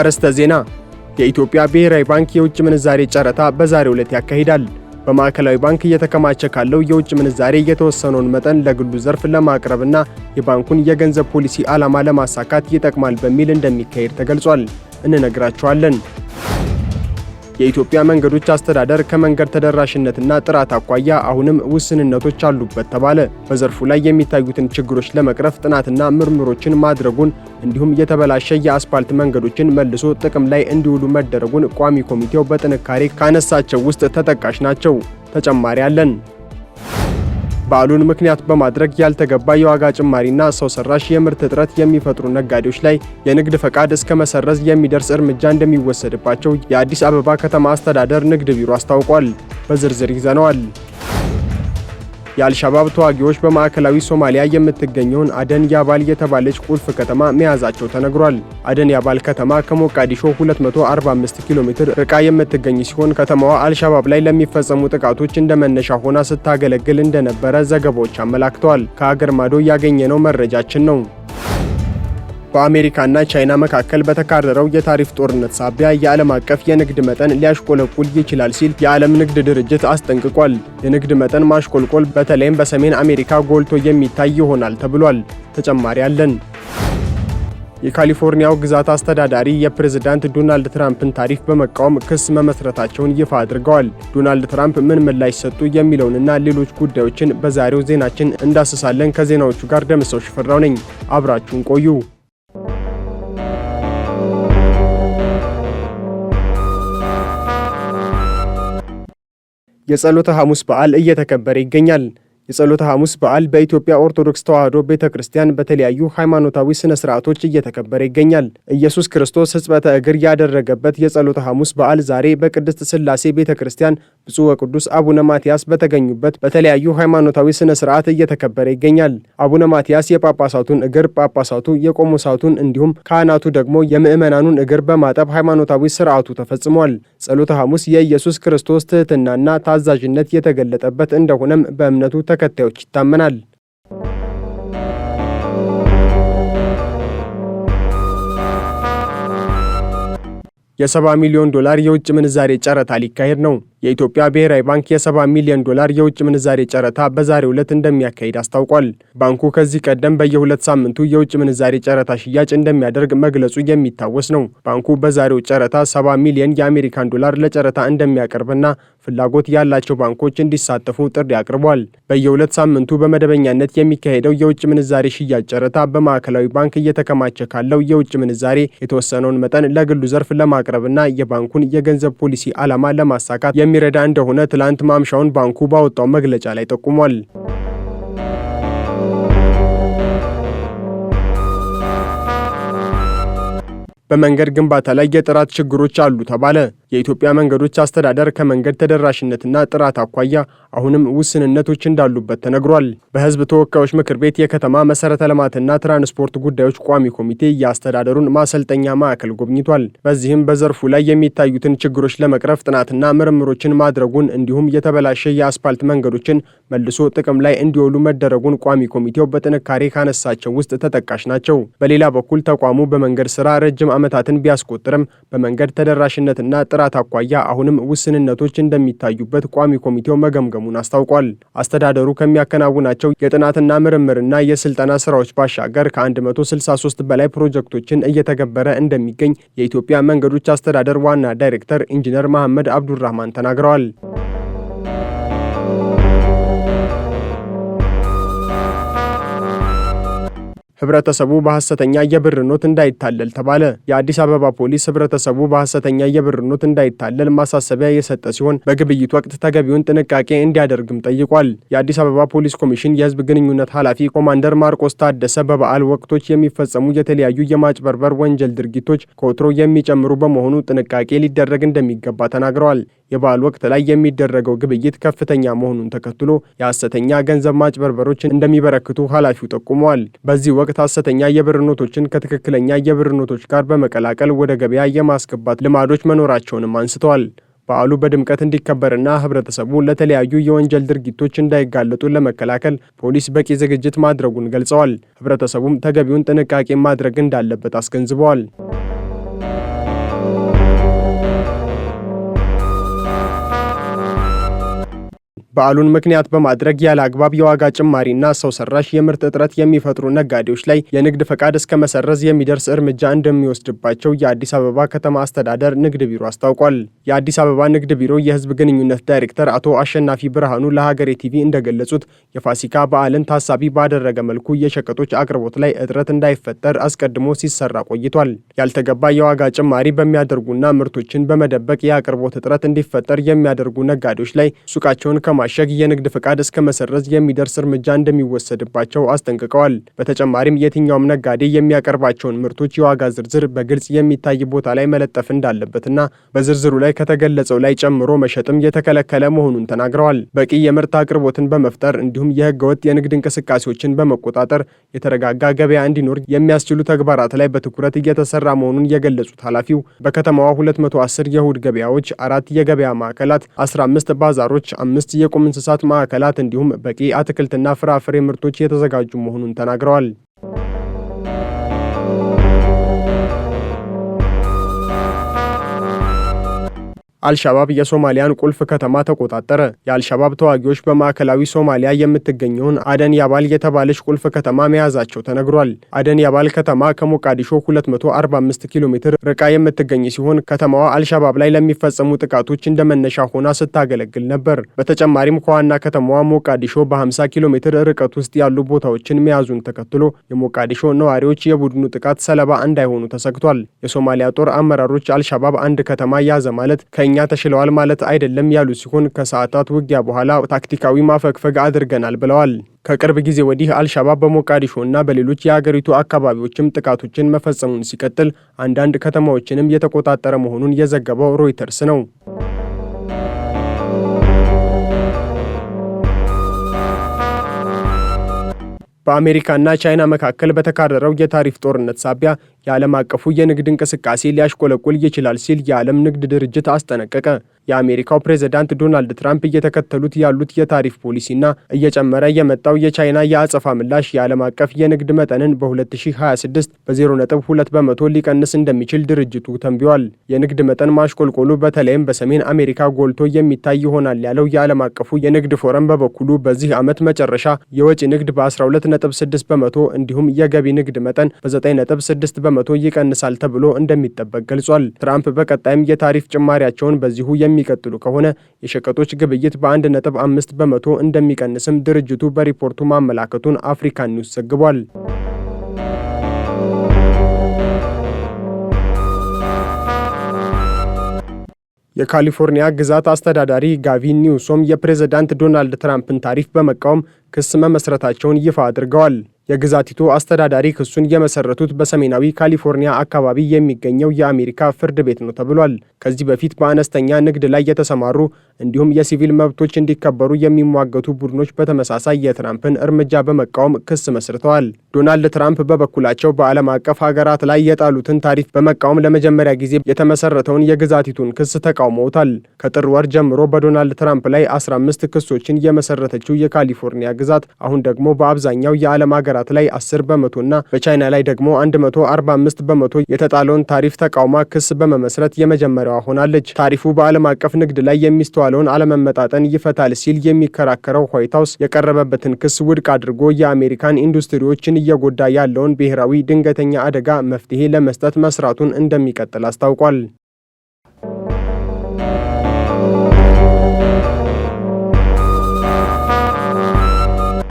አርዕስተ ዜና። የኢትዮጵያ ብሔራዊ ባንክ የውጭ ምንዛሬ ጨረታ በዛሬው ዕለት ያካሂዳል። በማዕከላዊ ባንክ እየተከማቸ ካለው የውጭ ምንዛሬ የተወሰነውን መጠን ለግሉ ዘርፍ ለማቅረብና የባንኩን የገንዘብ ፖሊሲ ዓላማ ለማሳካት ይጠቅማል በሚል እንደሚካሄድ ተገልጿል። እንነግራችኋለን። የኢትዮጵያ መንገዶች አስተዳደር ከመንገድ ተደራሽነትና ጥራት አኳያ አሁንም ውስንነቶች አሉበት ተባለ። በዘርፉ ላይ የሚታዩትን ችግሮች ለመቅረፍ ጥናትና ምርምሮችን ማድረጉን እንዲሁም የተበላሸ የአስፓልት መንገዶችን መልሶ ጥቅም ላይ እንዲውሉ መደረጉን ቋሚ ኮሚቴው በጥንካሬ ካነሳቸው ውስጥ ተጠቃሽ ናቸው። ተጨማሪ አለን። በዓሉን ምክንያት በማድረግ ያልተገባ የዋጋ ጭማሪና ሰው ሰራሽ የምርት እጥረት የሚፈጥሩ ነጋዴዎች ላይ የንግድ ፈቃድ እስከ መሰረዝ የሚደርስ እርምጃ እንደሚወሰድባቸው የአዲስ አበባ ከተማ አስተዳደር ንግድ ቢሮ አስታውቋል። በዝርዝር ይዘነዋል። የአልሻባብ ተዋጊዎች በማዕከላዊ ሶማሊያ የምትገኘውን አደን ያባል የተባለች ቁልፍ ከተማ መያዛቸው ተነግሯል። አደን ያባል ከተማ ከሞቃዲሾ 245 ኪሎ ሜትር ርቃ የምትገኝ ሲሆን ከተማዋ አልሻባብ ላይ ለሚፈጸሙ ጥቃቶች እንደ መነሻ ሆና ስታገለግል እንደነበረ ዘገባዎች አመላክተዋል። ከአገር ማዶ ያገኘነው መረጃችን ነው። በአሜሪካና ቻይና መካከል በተካረረው የታሪፍ ጦርነት ሳቢያ የዓለም አቀፍ የንግድ መጠን ሊያሽቆለቁል ይችላል ሲል የዓለም ንግድ ድርጅት አስጠንቅቋል። የንግድ መጠን ማሽቆልቆል በተለይም በሰሜን አሜሪካ ጎልቶ የሚታይ ይሆናል ተብሏል። ተጨማሪ አለን። የካሊፎርኒያው ግዛት አስተዳዳሪ የፕሬዝዳንት ዶናልድ ትራምፕን ታሪፍ በመቃወም ክስ መመስረታቸውን ይፋ አድርገዋል። ዶናልድ ትራምፕ ምን ምላሽ ሰጡ የሚለውንና ሌሎች ጉዳዮችን በዛሬው ዜናችን እንዳስሳለን። ከዜናዎቹ ጋር ደምሰው ሽፈራው ነኝ። አብራችሁን ቆዩ። የጸሎተ ሐሙስ በዓል እየተከበረ ይገኛል። የጸሎተ ሐሙስ በዓል በኢትዮጵያ ኦርቶዶክስ ተዋሕዶ ቤተ ክርስቲያን በተለያዩ ሃይማኖታዊ ሥነ ሥርዓቶች እየተከበረ ይገኛል። ኢየሱስ ክርስቶስ ሕጽበተ እግር ያደረገበት የጸሎተ ሐሙስ በዓል ዛሬ በቅድስት ሥላሴ ቤተ ክርስቲያን ብፁዕ ወቅዱስ አቡነ ማትያስ በተገኙበት በተለያዩ ሃይማኖታዊ ሥነ ሥርዓት እየተከበረ ይገኛል። አቡነ ማትያስ የጳጳሳቱን እግር፣ ጳጳሳቱ የቆሞሳቱን እንዲሁም ካህናቱ ደግሞ የምዕመናኑን እግር በማጠብ ሃይማኖታዊ ስርዓቱ ተፈጽሟል። ጸሎተ ሐሙስ የኢየሱስ ክርስቶስ ትህትናና ታዛዥነት የተገለጠበት እንደሆነም በእምነቱ ተከታዮች ይታመናል። የ70 ሚሊዮን ዶላር የውጭ ምንዛሬ ጨረታ ሊካሄድ ነው። የኢትዮጵያ ብሔራዊ ባንክ የ70 ሚሊዮን ዶላር የውጭ ምንዛሬ ጨረታ በዛሬው ዕለት እንደሚያካሂድ አስታውቋል። ባንኩ ከዚህ ቀደም በየሁለት ሳምንቱ የውጭ ምንዛሬ ጨረታ ሽያጭ እንደሚያደርግ መግለጹ የሚታወስ ነው። ባንኩ በዛሬው ጨረታ 70 ሚሊዮን የአሜሪካን ዶላር ለጨረታ እንደሚያቀርብና ፍላጎት ያላቸው ባንኮች እንዲሳተፉ ጥሪ አቅርቧል። በየሁለት ሳምንቱ በመደበኛነት የሚካሄደው የውጭ ምንዛሬ ሽያጭ ጨረታ በማዕከላዊ ባንክ እየተከማቸ ካለው የውጭ ምንዛሬ የተወሰነውን መጠን ለግሉ ዘርፍ ለማቅረብና የባንኩን የገንዘብ ፖሊሲ ዓላማ ለማሳካት የሚረዳ እንደሆነ ትላንት ማምሻውን ባንኩ ባወጣው መግለጫ ላይ ጠቁሟል። በመንገድ ግንባታ ላይ የጥራት ችግሮች አሉ ተባለ። የኢትዮጵያ መንገዶች አስተዳደር ከመንገድ ተደራሽነትና ጥራት አኳያ አሁንም ውስንነቶች እንዳሉበት ተነግሯል። በሕዝብ ተወካዮች ምክር ቤት የከተማ መሰረተ ልማትና ትራንስፖርት ጉዳዮች ቋሚ ኮሚቴ የአስተዳደሩን ማሰልጠኛ ማዕከል ጎብኝቷል። በዚህም በዘርፉ ላይ የሚታዩትን ችግሮች ለመቅረፍ ጥናትና ምርምሮችን ማድረጉን እንዲሁም የተበላሸ የአስፓልት መንገዶችን መልሶ ጥቅም ላይ እንዲውሉ መደረጉን ቋሚ ኮሚቴው በጥንካሬ ካነሳቸው ውስጥ ተጠቃሽ ናቸው። በሌላ በኩል ተቋሙ በመንገድ ስራ ረጅም ዓመታትን ቢያስቆጥርም በመንገድ ተደራሽነትና ጥራት አኳያ አሁንም ውስንነቶች እንደሚታዩበት ቋሚ ኮሚቴው መገምገሙን አስታውቋል። አስተዳደሩ ከሚያከናውናቸው የጥናትና ምርምርና የስልጠና ስራዎች ባሻገር ከ163 በላይ ፕሮጀክቶችን እየተገበረ እንደሚገኝ የኢትዮጵያ መንገዶች አስተዳደር ዋና ዳይሬክተር ኢንጂነር መሐመድ አብዱራህማን ተናግረዋል። ህብረተሰቡ በሐሰተኛ የብር ኖት እንዳይታለል ተባለ። የአዲስ አበባ ፖሊስ ህብረተሰቡ በሐሰተኛ የብር ኖት እንዳይታለል ማሳሰቢያ የሰጠ ሲሆን በግብይት ወቅት ተገቢውን ጥንቃቄ እንዲያደርግም ጠይቋል። የአዲስ አበባ ፖሊስ ኮሚሽን የህዝብ ግንኙነት ኃላፊ ኮማንደር ማርቆስ ታደሰ በበዓል ወቅቶች የሚፈጸሙ የተለያዩ የማጭበርበር ወንጀል ድርጊቶች ከወትሮ የሚጨምሩ በመሆኑ ጥንቃቄ ሊደረግ እንደሚገባ ተናግረዋል። የበዓል ወቅት ላይ የሚደረገው ግብይት ከፍተኛ መሆኑን ተከትሎ የሐሰተኛ ገንዘብ ማጭበርበሮች እንደሚበረክቱ ኃላፊው ጠቁመዋል። በዚህ ወቅት ሐሰተኛ የብር ኖቶችን ከትክክለኛ የብር ኖቶች ጋር በመቀላቀል ወደ ገበያ የማስገባት ልማዶች መኖራቸውንም አንስተዋል። በዓሉ በድምቀት እንዲከበርና ህብረተሰቡ ለተለያዩ የወንጀል ድርጊቶች እንዳይጋለጡ ለመከላከል ፖሊስ በቂ ዝግጅት ማድረጉን ገልጸዋል። ህብረተሰቡም ተገቢውን ጥንቃቄ ማድረግ እንዳለበት አስገንዝበዋል። በዓሉን ምክንያት በማድረግ ያለ አግባብ የዋጋ ጭማሪና ሰው ሰራሽ የምርት እጥረት የሚፈጥሩ ነጋዴዎች ላይ የንግድ ፈቃድ እስከ መሰረዝ የሚደርስ እርምጃ እንደሚወስድባቸው የአዲስ አበባ ከተማ አስተዳደር ንግድ ቢሮ አስታውቋል። የአዲስ አበባ ንግድ ቢሮ የህዝብ ግንኙነት ዳይሬክተር አቶ አሸናፊ ብርሃኑ ለሀገሬ ቲቪ እንደገለጹት የፋሲካ በዓልን ታሳቢ ባደረገ መልኩ የሸቀጦች አቅርቦት ላይ እጥረት እንዳይፈጠር አስቀድሞ ሲሰራ ቆይቷል። ያልተገባ የዋጋ ጭማሪ በሚያደርጉና ምርቶችን በመደበቅ የአቅርቦት እጥረት እንዲፈጠር የሚያደርጉ ነጋዴዎች ላይ ሱቃቸውን ከማ በማሸግ የንግድ ፈቃድ እስከ መሰረዝ የሚደርስ እርምጃ እንደሚወሰድባቸው አስጠንቅቀዋል። በተጨማሪም የትኛውም ነጋዴ የሚያቀርባቸውን ምርቶች የዋጋ ዝርዝር በግልጽ የሚታይ ቦታ ላይ መለጠፍ እንዳለበትና በዝርዝሩ ላይ ከተገለጸው ላይ ጨምሮ መሸጥም የተከለከለ መሆኑን ተናግረዋል። በቂ የምርት አቅርቦትን በመፍጠር እንዲሁም የህገወጥ የንግድ እንቅስቃሴዎችን በመቆጣጠር የተረጋጋ ገበያ እንዲኖር የሚያስችሉ ተግባራት ላይ በትኩረት እየተሰራ መሆኑን የገለጹት ኃላፊው በከተማዋ 210 የእሁድ ገበያዎች፣ አራት የገበያ ማዕከላት፣ 15 ባዛሮች፣ አምስት የቁም እንስሳት ማዕከላት እንዲሁም በቂ አትክልትና ፍራፍሬ ምርቶች የተዘጋጁ መሆኑን ተናግረዋል። አልሻባብ የሶማሊያን ቁልፍ ከተማ ተቆጣጠረ። የአልሻባብ ተዋጊዎች በማዕከላዊ ሶማሊያ የምትገኘውን አደን ያባል የተባለች ቁልፍ ከተማ መያዛቸው ተነግሯል። አደን ያባል ከተማ ከሞቃዲሾ 245 ኪሎ ሜትር ርቃ የምትገኝ ሲሆን ከተማዋ አልሻባብ ላይ ለሚፈጸሙ ጥቃቶች እንደ መነሻ ሆና ስታገለግል ነበር። በተጨማሪም ከዋና ከተማዋ ሞቃዲሾ በ50 ኪሎ ሜትር ርቀት ውስጥ ያሉ ቦታዎችን መያዙን ተከትሎ የሞቃዲሾ ነዋሪዎች የቡድኑ ጥቃት ሰለባ እንዳይሆኑ ተሰግቷል። የሶማሊያ ጦር አመራሮች አልሻባብ አንድ ከተማ ያዘ ማለት ከ ክፉኛ ተሽለዋል ማለት አይደለም ያሉ ሲሆን ከሰዓታት ውጊያ በኋላ ታክቲካዊ ማፈግፈግ አድርገናል ብለዋል። ከቅርብ ጊዜ ወዲህ አልሻባብ በሞቃዲሾ እና በሌሎች የአገሪቱ አካባቢዎችም ጥቃቶችን መፈጸሙን ሲቀጥል አንዳንድ ከተማዎችንም የተቆጣጠረ መሆኑን የዘገበው ሮይተርስ ነው። በአሜሪካና ቻይና መካከል በተካረረው የታሪፍ ጦርነት ሳቢያ የዓለም አቀፉ የንግድ እንቅስቃሴ ሊያሽቆለቁል ይችላል ሲል የዓለም ንግድ ድርጅት አስጠነቀቀ። የአሜሪካው ፕሬዝዳንት ዶናልድ ትራምፕ እየተከተሉት ያሉት የታሪፍ ፖሊሲና እየጨመረ የመጣው የቻይና የአጸፋ ምላሽ የዓለም አቀፍ የንግድ መጠንን በ2026 በ0.2 በመቶ ሊቀንስ እንደሚችል ድርጅቱ ተንቢዋል። የንግድ መጠን ማሽቆልቆሉ በተለይም በሰሜን አሜሪካ ጎልቶ የሚታይ ይሆናል ያለው የዓለም አቀፉ የንግድ ፎረም በበኩሉ በዚህ ዓመት መጨረሻ የወጪ ንግድ በ12.6 በመቶ እንዲሁም የገቢ ንግድ መጠን በ9.6 በመ በመቶ ይቀንሳል ተብሎ እንደሚጠበቅ ገልጿል። ትራምፕ በቀጣይም የታሪፍ ጭማሪያቸውን በዚሁ የሚቀጥሉ ከሆነ የሸቀጦች ግብይት በአንድ ነጥብ አምስት በመቶ እንደሚቀንስም ድርጅቱ በሪፖርቱ ማመላከቱን አፍሪካ ኒውስ ዘግቧል። የካሊፎርኒያ ግዛት አስተዳዳሪ ጋቪን ኒውሶም የፕሬዝዳንት ዶናልድ ትራምፕን ታሪፍ በመቃወም ክስ መመስረታቸውን ይፋ አድርገዋል። የግዛቲቱ አስተዳዳሪ ክሱን የመሰረቱት በሰሜናዊ ካሊፎርኒያ አካባቢ የሚገኘው የአሜሪካ ፍርድ ቤት ነው ተብሏል። ከዚህ በፊት በአነስተኛ ንግድ ላይ የተሰማሩ እንዲሁም የሲቪል መብቶች እንዲከበሩ የሚሟገቱ ቡድኖች በተመሳሳይ የትራምፕን እርምጃ በመቃወም ክስ መስርተዋል። ዶናልድ ትራምፕ በበኩላቸው በዓለም አቀፍ ሀገራት ላይ የጣሉትን ታሪፍ በመቃወም ለመጀመሪያ ጊዜ የተመሰረተውን የግዛቲቱን ክስ ተቃውመውታል። ከጥር ወር ጀምሮ በዶናልድ ትራምፕ ላይ 15 ክሶችን የመሰረተችው የካሊፎርኒያ ግዛት አሁን ደግሞ በአብዛኛው የዓለም ሀገራት ሀገራት ላይ 10 በመቶና በቻይና ላይ ደግሞ 145 በመቶ የተጣለውን ታሪፍ ተቃውማ ክስ በመመስረት የመጀመሪያዋ ሆናለች። ታሪፉ በዓለም አቀፍ ንግድ ላይ የሚስተዋለውን አለመመጣጠን ይፈታል ሲል የሚከራከረው ዋይት ሀውስ የቀረበበትን ክስ ውድቅ አድርጎ የአሜሪካን ኢንዱስትሪዎችን እየጎዳ ያለውን ብሔራዊ ድንገተኛ አደጋ መፍትሄ ለመስጠት መስራቱን እንደሚቀጥል አስታውቋል።